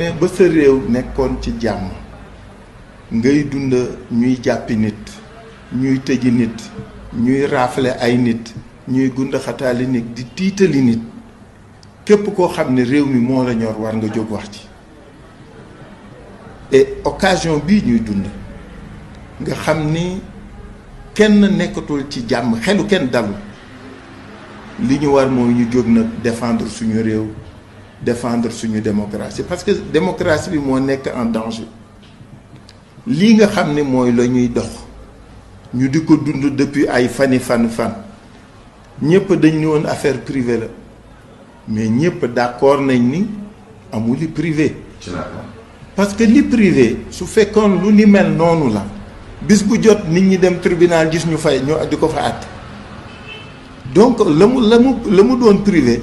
mais ba sa réew nekkoon ci jàmm ngay dund ñuy jàppi nit ñuy tëji nit ñuy raafale ay nit ñuy gundaxataali nit di tiitali nit képp koo xam ne réew mi moo la ñor war nga jóg wax ci et occasion bii ñuy dund nga xam ni kenn nekkatul ci jàmm xelu kenn dalul li ñu war mooy ñu jóg nag défendre suñu réew défendre suñu démocratie parce que démocratie bi moo en danger lii nga xam le nid d'or nous dox ñu di depuis dund depuis ay fani fan fan ñëpp dañ ni woon affaire privée la mais ñëpp d'accord nañ ni amul li privé parce que li privé su fekkoon lu ni mel non la bis bu jot nit ñi dem tribunal gis ñu fay ñu diko fa donc le mu le mu privé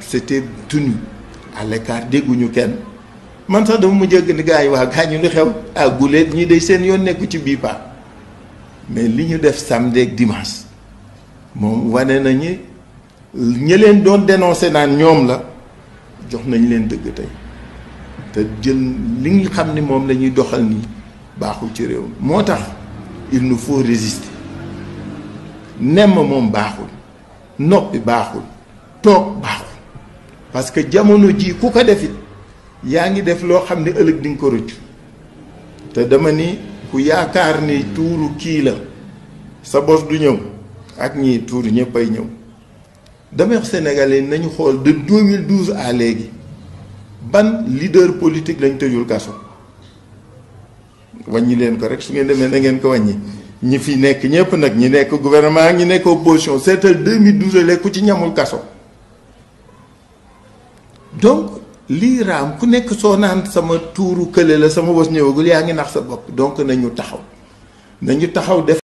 c'était tenu à l'écart dégguñu kenn man sax dama mu jégg ni gars yi waa gaañu lu xew ah guleet ñii day seen yoon nekku ci bii paa mais li ñu def samedi ak dimanche moom wane nañu ñi leen doon dénoncé naan ñoom la jox nañ leen dëgg tey te jël li nga xam ni moom la ñuy doxal nii baaxul ci réew moo il nous faut résister nemm moom baaxul noppi baaxul toog baaxul parce que jamono ji ku ko defit yaangi def lo xam ne ding ko rëccu te dama ni ku yaakar ni tuuru ki la sa boss du ñew ak ñi touru ñeppay ñew dama wax sénégalais nañu xol de 2012 à léegi ban leader politique lañ tëjul kasso wañi len ko rek su ngeen demé na ngeen ko wañi ñi fi nekk ñepp nak ñi nekk gouvernement ñi nekk opposition seetal 2012 lé ku ci ñamul kasso donc lii raam ku nekk soo naan sama tuuru kële la sama bos ñëwagul yaa ngi nax sa bopp donc nañu taxaw nañu taxaw def.